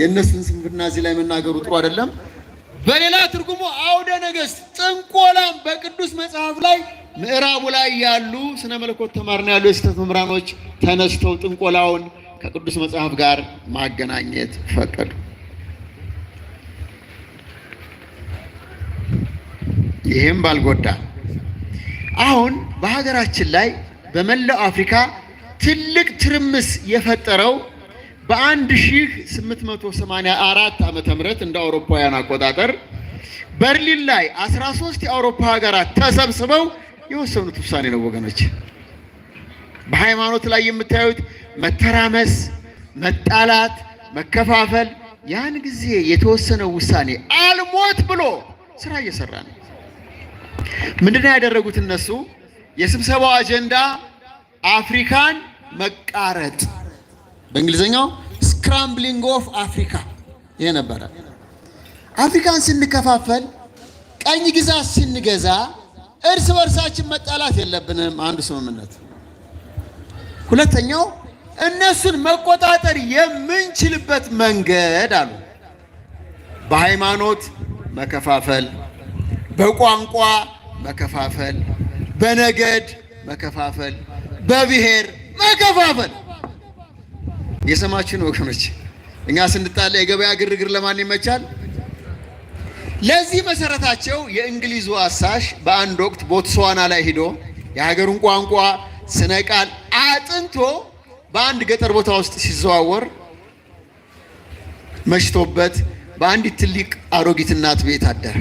የእነሱን ስንፍና እዚህ ላይ መናገሩ ጥሩ አይደለም። በሌላ ትርጉሙ አውደ ነገስት ጥንቆላም በቅዱስ መጽሐፍ ላይ ምዕራቡ ላይ ያሉ ስነ መለኮት ተማርና ያሉ የስህተት መምህራኖች ተነስተው ጥንቆላውን ከቅዱስ መጽሐፍ ጋር ማገናኘት ፈቀዱ። ይህም ባልጎዳ አሁን በሀገራችን ላይ በመላው አፍሪካ ትልቅ ትርምስ የፈጠረው በአንድ ሺህ ስምንት መቶ አራት እንደ አውሮፓውያን አቆጣጠር በርሊን ላይ አስራ ሶስት የአውሮፓ ሀገራት ተሰብስበው የወሰኑት ውሳኔ ነው። ወገኖች በሃይማኖት ላይ የምታዩት መተራመስ፣ መጣላት፣ መከፋፈል ያን ጊዜ የተወሰነው ውሳኔ አልሞት ብሎ ስራ እየሰራ ነው። ምንድነው ያደረጉት እነሱ? የስብሰባው አጀንዳ አፍሪካን መቃረጥ በእንግሊዝኛው ስክራምብሊንግ ኦፍ አፍሪካ ይሄ ነበረ። አፍሪካን ስንከፋፈል፣ ቀኝ ግዛት ስንገዛ እርስ በርሳችን መጣላት የለብንም። አንዱ ስምምነት። ሁለተኛው እነሱን መቆጣጠር የምንችልበት መንገድ አሉ። በሃይማኖት መከፋፈል፣ በቋንቋ መከፋፈል፣ በነገድ መከፋፈል፣ በብሔር መከፋፈል የሰማችን ወገኖች፣ እኛ ስንጣላ የገበያ ግርግር ለማን ይመቻል? ለዚህ መሰረታቸው የእንግሊዙ አሳሽ በአንድ ወቅት ቦትስዋና ላይ ሂዶ የሀገሩን ቋንቋ ስነ ቃል አጥንቶ በአንድ ገጠር ቦታ ውስጥ ሲዘዋወር መሽቶበት በአንዲት ትልቅ አሮጊት እናት ቤት አደረ።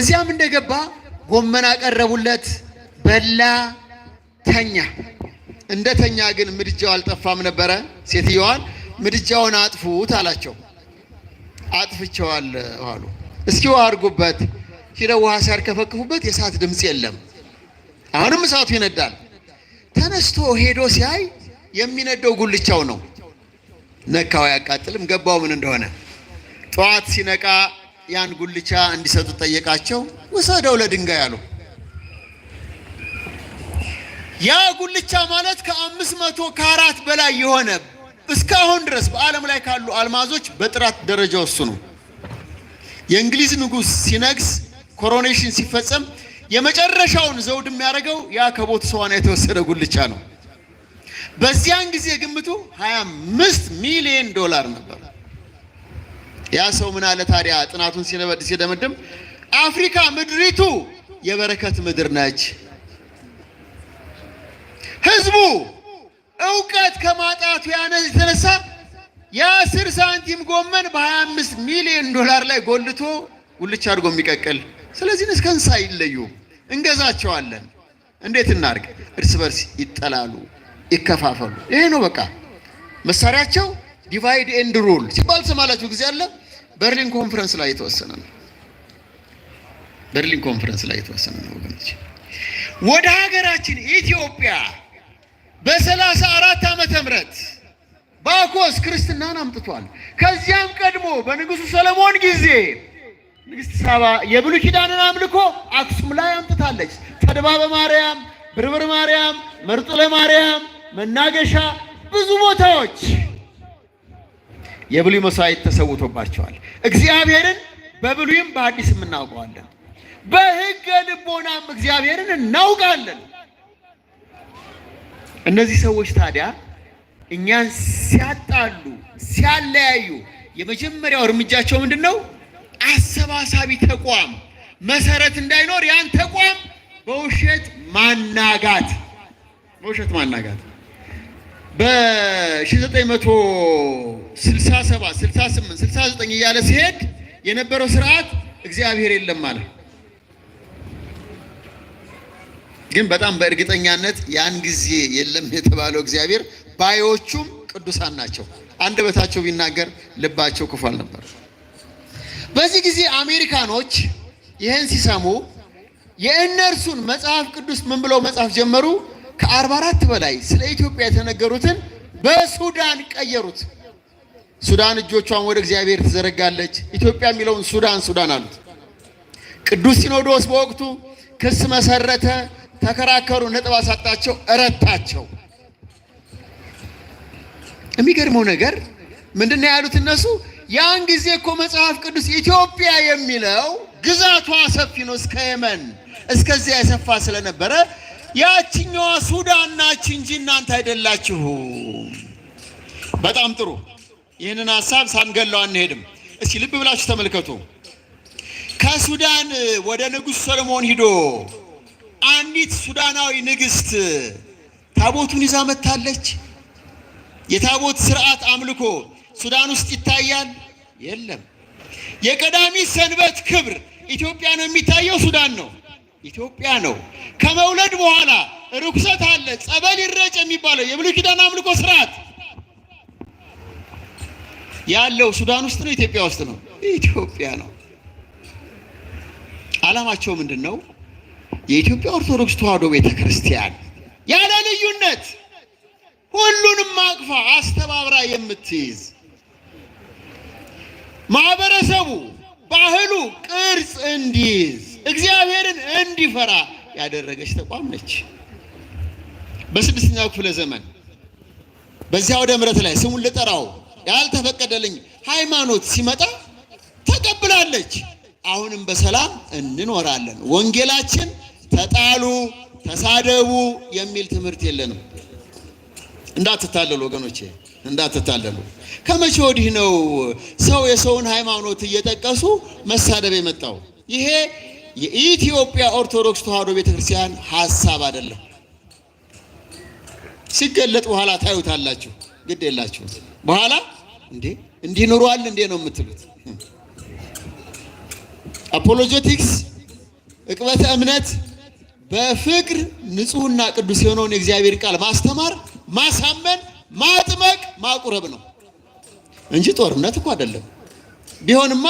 እዚያም እንደገባ ጎመን አቀረቡለት፣ በላ፣ ተኛ። እንደተኛ ግን ምድጃው አልጠፋም ነበረ። ሴትየዋን ምድጃውን አጥፉት አላቸው። አጥፍቸዋል አሉ። እስኪ ውሃ አድርጉበት። ሂደው ውሃ ሲያርከፈክፉበት የእሳት ድምፅ የለም። አሁንም እሳቱ ይነዳል። ተነስቶ ሄዶ ሲያይ የሚነደው ጉልቻው ነው። ነካው፣ አያቃጥልም። ገባው ምን እንደሆነ። ጠዋት ሲነቃ ያን ጉልቻ እንዲሰጡ ጠየቃቸው። ውሰደው ለድንጋይ አሉ። ያ ጉልቻ ማለት ከአምስት መቶ ካራት በላይ የሆነ እስካሁን ድረስ በዓለም ላይ ካሉ አልማዞች በጥራት ደረጃ እሱ ነው። የእንግሊዝ ንጉሥ ሲነግስ ኮሮኔሽን ሲፈጸም የመጨረሻውን ዘውድ የሚያደርገው ያ ከቦትስዋና የተወሰደ ጉልቻ ነው። በዚያን ጊዜ ግምቱ 25 ሚሊዮን ዶላር ነበር። ያ ሰው ምን አለ ታዲያ? ጥናቱን ሲነበድ ሲደመድም አፍሪካ ምድሪቱ የበረከት ምድር ነች። ህዝቡ እውቀት ከማጣቱ የተነሳ የአስር ሳንቲም ጎመን በ25 ሚሊዮን ዶላር ላይ ጎልቶ ጉልቻ አድርጎ የሚቀቅል ስለዚህ እስከን ይለዩ እንገዛቸዋለን። እንዴት እናርግ? እርስ በርስ ይጠላሉ፣ ይከፋፈሉ። ይሄ ነው በቃ መሳሪያቸው። ዲቫይድ ኤንድ ሩል ሲባል ሰማላችሁ ጊዜ አለ። በርሊን ኮንፈረንስ ላይ የተወሰነ ነው። በርሊን ኮንፈረንስ ላይ የተወሰነ ነው ወገኖች ወደ ሀገራችን ኢትዮ በሰላሳ አራት ዓመተ ምህረት ባኮስ ክርስትናን አምጥቷል። ከዚያም ቀድሞ በንጉሱ ሰለሞን ጊዜ ንግስት ሳባ የብሉይ ኪዳንን አምልኮ አክሱም ላይ አምጥታለች። ተድባበ ማርያም፣ ብርብር ማርያም፣ መርጡለ ማርያም፣ መናገሻ ብዙ ቦታዎች የብሉይ መስዋዕት ተሰውቶባቸዋል። እግዚአብሔርን በብሉይም በአዲስም እናውቀዋለን። በህገ ልቦናም እግዚአብሔርን እናውቃለን። እነዚህ ሰዎች ታዲያ እኛን ሲያጣሉ ሲያለያዩ የመጀመሪያው እርምጃቸው ምንድን ነው? አሰባሳቢ ተቋም መሰረት እንዳይኖር ያን ተቋም በውሸት ማናጋት በውሸት ማናጋት በ1967 68 69 እያለ ሲሄድ የነበረው ስርዓት እግዚአብሔር የለም ማለት ግን በጣም በእርግጠኛነት ያን ጊዜ የለም የተባለው እግዚአብሔር ባዮቹም ቅዱሳን ናቸው። በታቸው ቢናገር ልባቸው ክፉ አልነበር። በዚህ ጊዜ አሜሪካኖች ይህን ሲሰሙ የእነርሱን መጽሐፍ ቅዱስ ምን ብለው መጽሐፍ ጀመሩ? ከአርባ አራት በላይ ስለ ኢትዮጵያ የተነገሩትን በሱዳን ቀየሩት። ሱዳን እጆቿን ወደ እግዚአብሔር ትዘረጋለች፣ ኢትዮጵያ የሚለውን ሱዳን ሱዳን አሉት። ቅዱስ ሲኖዶስ በወቅቱ ክስ መሰረተ። ተከራከሩ፣ ነጥብ አሳጣቸው፣ እረታቸው። የሚገርመው ነገር ምንድን ነው ያሉት እነሱ? ያን ጊዜ እኮ መጽሐፍ ቅዱስ ኢትዮጵያ የሚለው ግዛቷ ሰፊ ነው፣ እስከ የመን እስከዚያ የሰፋ ስለነበረ ያችኛዋ ሱዳን ናች እንጂ እናንተ አይደላችሁም። በጣም ጥሩ። ይህንን ሀሳብ ሳንገለው አንሄድም። እስኪ ልብ ብላችሁ ተመልከቱ። ከሱዳን ወደ ንጉሥ ሰለሞን ሂዶ አንዲት ሱዳናዊ ንግስት ታቦቱን ይዛ መታለች። የታቦት ስርዓት አምልኮ ሱዳን ውስጥ ይታያል? የለም። የቀዳሚ ሰንበት ክብር ኢትዮጵያ ነው የሚታየው? ሱዳን ነው? ኢትዮጵያ ነው። ከመውለድ በኋላ ርኩሰት አለ። ጸበል ይረጭ የሚባለው የብሉይ ኪዳን አምልኮ ስርዓት ያለው ሱዳን ውስጥ ነው? ኢትዮጵያ ውስጥ ነው? ኢትዮጵያ ነው። አላማቸው ምንድን ነው? የኢትዮጵያ ኦርቶዶክስ ተዋሕዶ ቤተ ክርስቲያን ያለ ልዩነት ሁሉንም አቅፋ አስተባብራ የምትይዝ ማህበረሰቡ ባህሉ ቅርጽ እንዲይዝ እግዚአብሔርን እንዲፈራ ያደረገች ተቋም ነች። በስድስተኛው ክፍለ ዘመን በዚያ ወደ ምረት ላይ ስሙን ልጠራው ያልተፈቀደልኝ ሃይማኖት ሲመጣ ተቀብላለች። አሁንም በሰላም እንኖራለን። ወንጌላችን ተጣሉ፣ ተሳደቡ የሚል ትምህርት የለንም። እንዳትታለሉ ወገኖቼ፣ እንዳትታለሉ። ከመቼ ወዲህ ነው ሰው የሰውን ሃይማኖት እየጠቀሱ መሳደብ የመጣው? ይሄ የኢትዮጵያ ኦርቶዶክስ ተዋሕዶ ቤተክርስቲያን ሀሳብ አይደለም። ሲገለጥ በኋላ ታዩታላችሁ። ግድ የላችሁ በኋላ እንዴ እንዲህ ኑሯል እንዴ ነው የምትሉት። አፖሎጀቲክስ እቅበተ እምነት በፍቅር ንጹህና ቅዱስ የሆነውን የእግዚአብሔር ቃል ማስተማር፣ ማሳመን፣ ማጥመቅ፣ ማቁረብ ነው እንጂ ጦርነት እኮ አይደለም። ቢሆንማ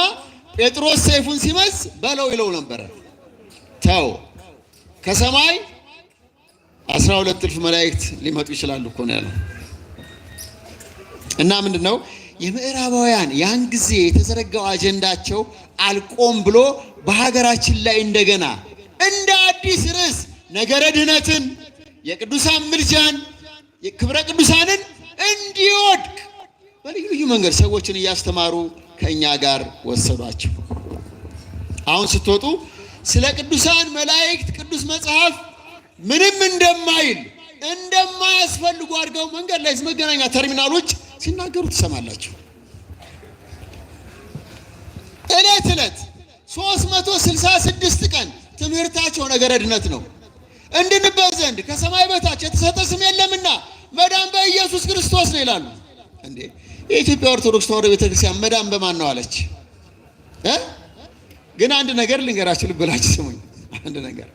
ጴጥሮስ ሰይፉን ሲመዝ በለው ይለው ነበረ። ተው ከሰማይ አስራ ሁለት እልፍ መላእክት ሊመጡ ይችላሉ እኮ ነው ያለው። እና ምንድን ነው የምዕራባውያን ያን ጊዜ የተዘረጋው አጀንዳቸው አልቆም ብሎ በሀገራችን ላይ እንደገና እንደ አዲስ ርዕስ ነገረ ድህነትን የቅዱሳን ምልጃን የክብረ ቅዱሳንን እንዲወድቅ በልዩ ልዩ መንገድ ሰዎችን እያስተማሩ ከእኛ ጋር ወሰዷቸው። አሁን ስትወጡ ስለ ቅዱሳን መላእክት ቅዱስ መጽሐፍ ምንም እንደማይል እንደማያስፈልጉ አድርገው መንገድ ላይ መገናኛ ተርሚናሎች ሲናገሩ ትሰማላችሁ። ዕለት ዕለት 366 ቀን ትምህርታቸው ነገረ ድነት ነው። እንድንበት ዘንድ ከሰማይ በታች የተሰጠ ስም የለምና መዳን በኢየሱስ ክርስቶስ ነው ይላሉ። እንዴ የኢትዮጵያ ኦርቶዶክስ ተዋሕዶ ቤተክርስቲያን መዳን በማን ነው አለች? ግን አንድ ነገር ልንገራችሁ፣ ልብላችሁ ስሙኝ። አንድ ነገር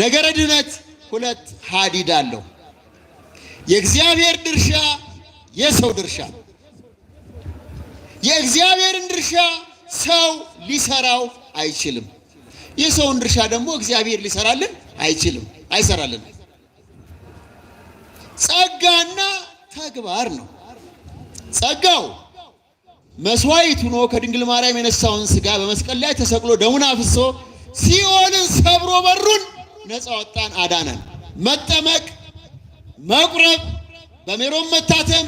ነገረ ድነት ሁለት ሀዲድ አለው። የእግዚአብሔር ድርሻ፣ የሰው ድርሻ። የእግዚአብሔርን ድርሻ ሰው ሊሰራው አይችልም። የሰውን ድርሻ ደግሞ እግዚአብሔር ሊሰራልን አይችልም፣ አይሰራልን። ጸጋና ተግባር ነው። ጸጋው መስዋዕት ሆኖ ከድንግል ማርያም የነሳውን ስጋ በመስቀል ላይ ተሰቅሎ ደሙን አፍሶ ሲኦልን ሰብሮ በሩን ነፃ ወጣን፣ አዳነን። መጠመቅ፣ መቁረብ፣ በሜሮን መታተም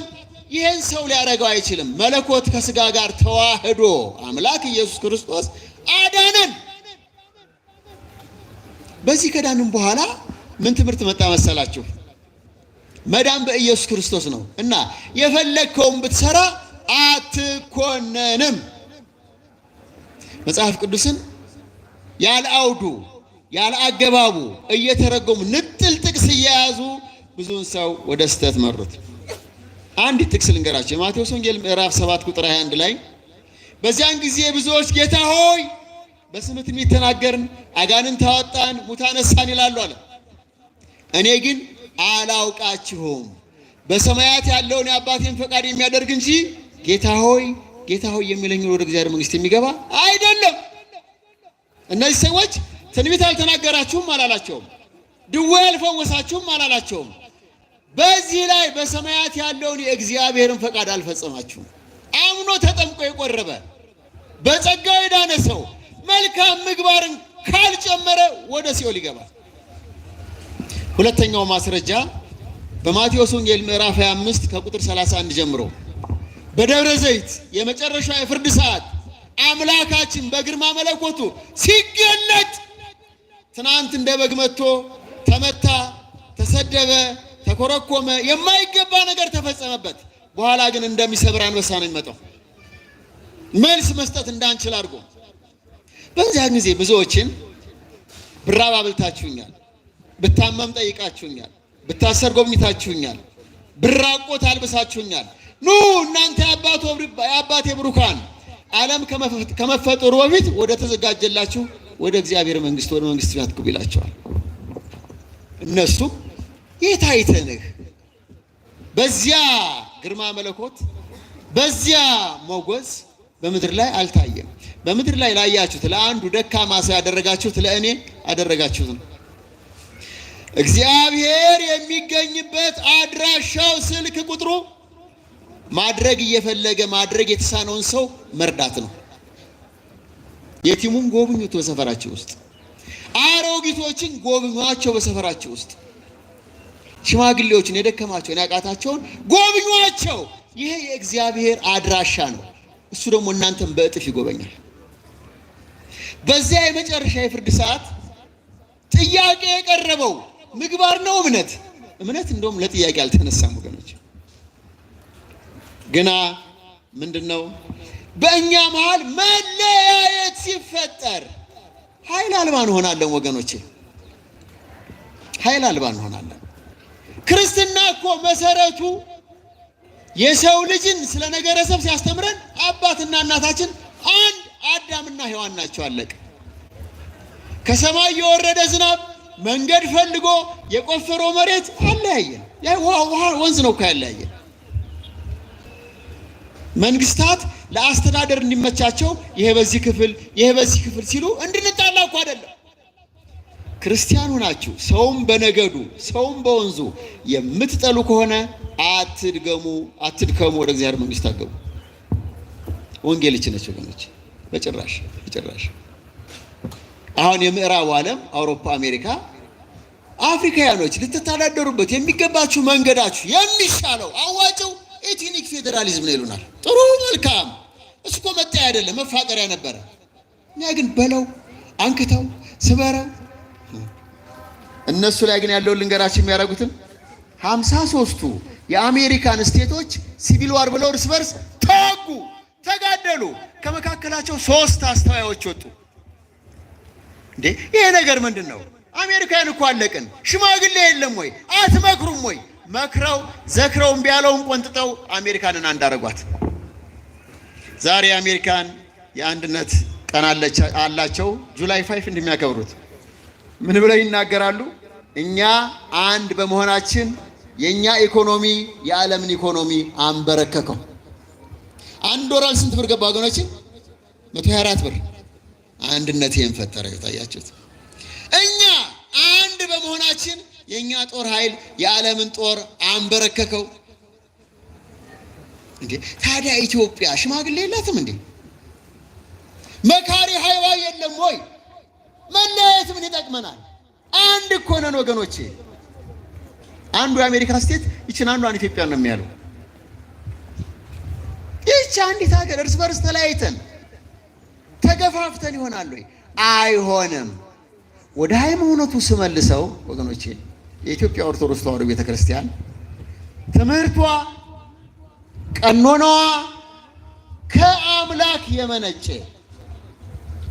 ይህን ሰው ሊያደርገው አይችልም። መለኮት ከስጋ ጋር ተዋህዶ አምላክ ኢየሱስ ክርስቶስ አዳነን። በዚህ ከዳንም በኋላ ምን ትምህርት መጣ መሰላችሁ? መዳን በኢየሱስ ክርስቶስ ነው እና የፈለግከውን ብትሰራ አትኮነንም። መጽሐፍ ቅዱስን ያለ አውዱ ያለ አገባቡ እየተረጎሙ ንጥል ጥቅስ እየያዙ ብዙውን ሰው ወደ ስህተት መሩት። አንድ ጥቅስ ልንገራቸው። የማቴዎስ ወንጌል ምዕራፍ 7 ቁጥር 21 ላይ በዚያን ጊዜ ብዙዎች ጌታ ሆይ በስም ትንቢት ተናገርን፣ አጋንንት አወጣን፣ ሙታን አነሳን ይላሉ አለ። እኔ ግን አላውቃችሁም በሰማያት ያለውን የአባቴን ፈቃድ የሚያደርግ እንጂ ጌታ ሆይ ጌታ ሆይ የሚለኝ ወደ እግዚአብሔር መንግስት የሚገባ አይደለም። እነዚህ ሰዎች ትንቢት አልተናገራችሁም አላላቸውም። ድዌ አልፈወሳችሁም አላላቸውም። በዚህ ላይ በሰማያት ያለውን የእግዚአብሔርን ፈቃድ አልፈጸማችሁም። አምኖ ተጠምቆ የቆረበ በጸጋ የዳነ ሰው መልካም ምግባርን ካልጨመረ ወደ ሲኦል ይገባል። ሁለተኛው ማስረጃ በማቴዎስ ወንጌል ምዕራፍ 25 ከቁጥር 31 ጀምሮ በደብረ ዘይት የመጨረሻ የፍርድ ሰዓት አምላካችን በግርማ መለኮቱ ሲገለጥ ትናንት እንደ በግ መጥቶ ተመታ፣ ተሰደበ፣ ተኮረኮመ፣ የማይገባ ነገር ተፈጸመበት። በኋላ ግን እንደሚሰብር አንበሳ ነው የሚመጣው መልስ መስጠት እንዳንችል አድርጎ በዚያን ጊዜ ብዙዎችን ብራብ አብልታችሁኛል፣ ብታመም ጠይቃችሁኛል፣ ብታሰር ጎብኝታችሁኛል፣ ብራቆት አልብሳችሁኛል። ኑ እናንተ የአባቴ ብሩካን ዓለም ከመፈጠሩ በፊት ወደ ተዘጋጀላችሁ ወደ እግዚአብሔር መንግስት ወደ መንግስት ቤት ግቡ ይላቸዋል። እነሱም የት አይተንህ በዚያ ግርማ መለኮት በዚያ ሞገስ በምድር ላይ አልታየም። በምድር ላይ ላያችሁት ለአንዱ ደካማ ሰው ያደረጋችሁት ለእኔ አደረጋችሁት ነው። እግዚአብሔር የሚገኝበት አድራሻው ስልክ ቁጥሩ ማድረግ እየፈለገ ማድረግ የተሳነውን ሰው መርዳት ነው። የቲሙን ጎብኙት በሰፈራችሁ ውስጥ አሮጊቶችን ጎብኟቸው። በሰፈራችሁ ውስጥ ሽማግሌዎችን፣ የደከማቸውን፣ ያቃታቸውን ጎብኟቸው። ይሄ የእግዚአብሔር አድራሻ ነው። እሱ ደግሞ እናንተን በእጥፍ ይጎበኛል። በዚያ የመጨረሻ የፍርድ ሰዓት ጥያቄ የቀረበው ምግባር ነው እምነት? እምነት እንደውም ለጥያቄ አልተነሳም ወገኖች። ግና ምንድን ነው በእኛ መሀል መለያየት ሲፈጠር ኃይል አልባ እንሆናለን ወገኖቼ፣ ኃይል አልባ እንሆናለን። ክርስትና እኮ መሰረቱ የሰው ልጅን ስለ ነገረሰብ ሲያስተምረን አባትና እናታችን አንድ አዳምና ሔዋን ናቸው። አለቀ። ከሰማይ የወረደ ዝናብ መንገድ ፈልጎ የቆፈረው መሬት አለያየን። ያ ውሃ ወንዝ ነው እኮ ያለያየን። መንግስታት ለአስተዳደር እንዲመቻቸው ይሄ በዚህ ክፍል ይሄ በዚህ ክፍል ሲሉ እንድንጣላ እኮ አይደለም። ክርስቲያኑ ናችሁ። ሰውም በነገዱ ሰውም በወንዙ የምትጠሉ ከሆነ አትድገሙ፣ አትድከሙ፣ ወደ እግዚአብሔር መንግስት አገቡ። ወንጌል ይችነች ወገኖች በጭራሽ በጭራሽ። አሁን የምዕራቡ ዓለም አውሮፓ፣ አሜሪካ፣ አፍሪካውያኖች ልትተዳደሩበት የሚገባችሁ መንገዳችሁ የሚሻለው አዋጭው ኤትኒክ ፌዴራሊዝም ነው ይሉናል። ጥሩ መልካም፣ እሱ እኮ መጣያ አይደለም መፋጠሪያ ነበረ። እኛ ግን በለው አንክተው ስበረው እነሱ ላይ ግን ያለው ልንገራችሁ የሚያደርጉትን ሀምሳ ሶስቱ የአሜሪካን ስቴቶች ሲቪል ዋር ብለው እርስ በርስ ተዋጉ። ተጋደሉ። ከመካከላቸው ሶስት አስተዋዮች ወጡ። እንዴ ይሄ ነገር ምንድን ነው? አሜሪካን እኮ አለቅን። ሽማግሌ የለም ወይ? አትመክሩም ወይ? መክረው ዘክረው እምቢ ያለውን ቆንጥጠው አሜሪካንን አንዳረጓት። ዛሬ አሜሪካን የአንድነት ቀን አላቸው። ጁላይ ፋይፍ እንደሚያከብሩት ምን ብለው ይናገራሉ? እኛ አንድ በመሆናችን የእኛ ኢኮኖሚ የዓለምን ኢኮኖሚ አንበረከከው። አንድ ወራል ስንት ብር ገባ ወገኖች? መቶ ብር። አንድነት ይህን ፈጠረ። የታያችሁት እኛ አንድ በመሆናችን የእኛ ጦር ኃይል የዓለምን ጦር አንበረከከው። እንዴ ታዲያ ኢትዮጵያ ሽማግሌ የላትም እንዴ? መካሪ ሀይዋ የለም ወይ? መለያየት ምን ይጠቅመናል? አንድ እኮ ነን ወገኖቼ። አንዱ የአሜሪካ ስቴት ይችን አንዷን ኢትዮጵያ ነው የሚያለው በዚች አንዲት ሀገር እርስ በርስ ተለያይተን ተገፋፍተን ይሆናል አይሆንም። ወደ ሃይማኖቱ ስመልሰው ወገኖቼ የኢትዮጵያ ኦርቶዶክስ ተዋሕዶ ቤተ ክርስቲያን ትምህርቷ፣ ቀኖናዋ ከአምላክ የመነጨ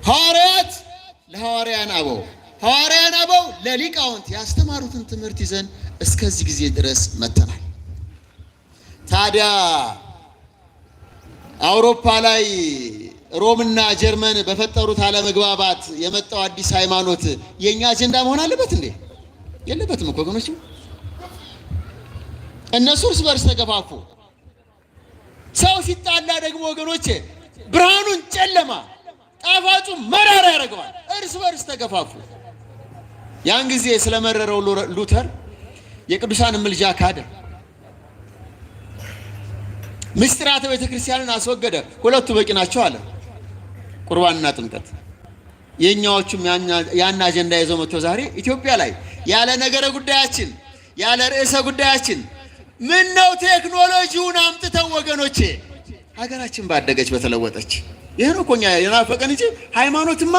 ሐዋርያት ለሐዋርያን አበው ሐዋርያን አበው ለሊቃውንት ያስተማሩትን ትምህርት ይዘን እስከዚህ ጊዜ ድረስ መጥተናል። ታዲያ አውሮፓ ላይ ሮምና ጀርመን በፈጠሩት አለመግባባት የመጣው አዲስ ሃይማኖት የእኛ አጀንዳ መሆን አለበት እንዴ? የለበትም እኮ ወገኖች። እነሱ እርስ በርስ ተገፋፉ። ሰው ሲጣላ ደግሞ ወገኖች ብርሃኑን ጨለማ፣ ጣፋጩ መራራ ያደርገዋል። እርስ በርስ ተገፋፉ። ያን ጊዜ ስለመረረው ሉተር የቅዱሳን ምልጃ ካደር ምስጢራተ ቤተ ክርስቲያንን አስወገደ። ሁለቱ በቂ ናቸው አለ። ቁርባንና ጥምቀት የእኛዎቹም ያን አጀንዳ ይዘው መጥቶ ዛሬ ኢትዮጵያ ላይ ያለ ነገረ ጉዳያችን ያለ ርዕሰ ጉዳያችን ምን ነው ቴክኖሎጂውን አምጥተው ወገኖቼ፣ ሀገራችን ባደገች በተለወጠች ይህ ነው እኮ እኛ የናፈቀን እንጂ ሃይማኖትማ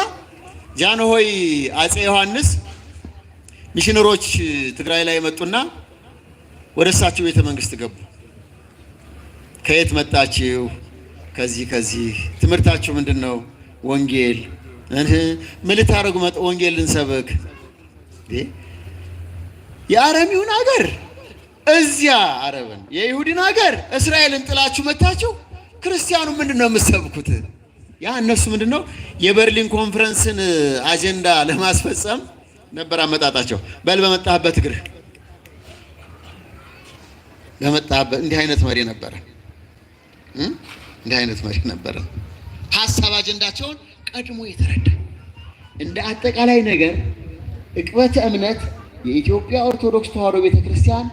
ጃንሆይ አፄ ዮሐንስ ሚሽነሮች ትግራይ ላይ መጡና ወደ እሳቸው ቤተ መንግስት ገቡ። ከየት መጣችሁ? ከዚህ ከዚህ ትምህርታችሁ ምንድን ነው? ወንጌል ምን ልታደርጉ መጥ ወንጌል ልንሰብክ የአረሚውን አገር እዚያ አረብን የይሁዲን ሀገር እስራኤልን ጥላችሁ መታችሁ። ክርስቲያኑ ምንድን ነው የምትሰብኩት? ያ እነሱ ምንድን ነው የበርሊን ኮንፈረንስን አጀንዳ ለማስፈጸም ነበር አመጣጣቸው። በል በመጣህበት እግርህ በመጣህበት። እንዲህ አይነት መሪ ነበረ። እንዲህ አይነት መሪ ነበረ። ሀሳብ አጀንዳቸውን ቀድሞ የተረዳ እንደ አጠቃላይ ነገር እቅበተ እምነት የኢትዮጵያ ኦርቶዶክስ ተዋሕዶ ቤተክርስቲያን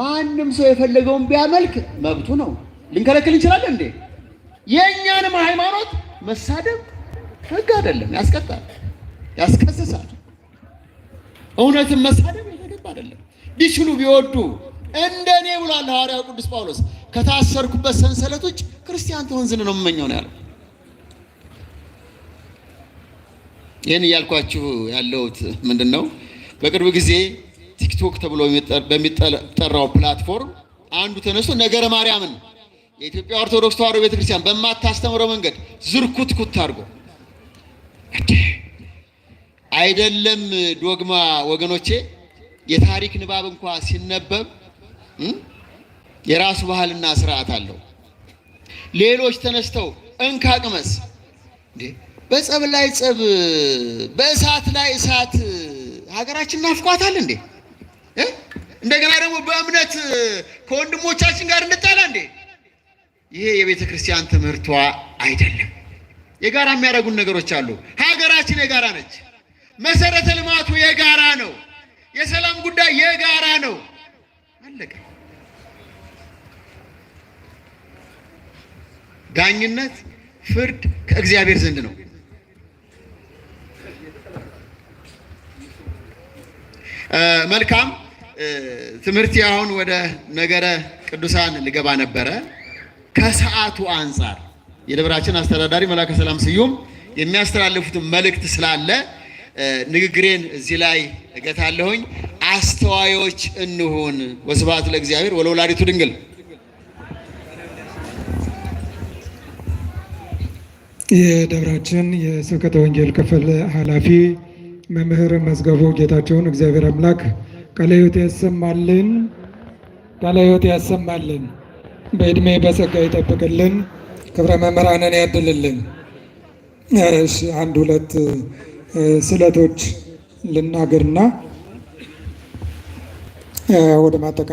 ማንም ሰው የፈለገውን ቢያመልክ መብቱ ነው። ልንከለክል እንችላለን እንዴ? የእኛንም ሃይማኖት መሳደብ ህግ አይደለም፣ ያስቀጣል፣ ያስከስሳል። እውነትን መሳደብ የተገባ አይደለም። ቢችሉ ቢወዱ እንደኔ ብሏል ሐዋርያው ቅዱስ ጳውሎስ ከታሰርኩበት ሰንሰለቶች ክርስቲያን ትሆን ዘንድ ነው የምመኘው ነው ያለው። ይህን እያልኳችሁ ያለሁት ምንድን ነው፣ በቅርብ ጊዜ ቲክቶክ ተብሎ በሚጠራው ፕላትፎርም አንዱ ተነስቶ ነገረ ማርያምን የኢትዮጵያ ኦርቶዶክስ ተዋሕዶ ቤተክርስቲያን በማታስተምረው መንገድ ዝርኩትኩት አድርጎ አይደለም ዶግማ ወገኖቼ፣ የታሪክ ንባብ እንኳ ሲነበብ የራሱ ባህልና ስርዓት አለው። ሌሎች ተነስተው እንካ ቅመስ፣ በጸብ ላይ ጸብ፣ በእሳት ላይ እሳት ሀገራችን ናፍቋታል እንዴ? እንደገና ደግሞ በእምነት ከወንድሞቻችን ጋር እንጣላ እንዴ? ይሄ የቤተ ክርስቲያን ትምህርቷ አይደለም። የጋራ የሚያደርጉን ነገሮች አሉ። ሀገራችን የጋራ ነች። መሰረተ ልማቱ የጋራ ነው። የሰላም ጉዳይ የጋራ ነው። አለቀ። ዳኝነት፣ ፍርድ ከእግዚአብሔር ዘንድ ነው። መልካም ትምህርት። አሁን ወደ ነገረ ቅዱሳን ልገባ ነበረ። ከሰዓቱ አንጻር የደብራችን አስተዳዳሪ መላከ ሰላም ስዩም የሚያስተላልፉትን መልእክት ስላለ ንግግሬን እዚህ ላይ እገታለሁኝ። አስተዋዮች እንሁን። ወስብሐት ለእግዚአብሔር ወለወላዲቱ ድንግል የደብራችን የስብከተ ወንጌል ክፍል ኃላፊ መምህር መዝገቡ ጌታቸውን እግዚአብሔር አምላክ ቃለ ሕይወት ያሰማልን፣ ቃለ ሕይወት ያሰማልን፣ በእድሜ በጸጋ ይጠብቅልን፣ ክብረ መምህራንን ያድልልን። አንድ ሁለት ስዕለቶች ልናገርና ወደ ማጠቃለ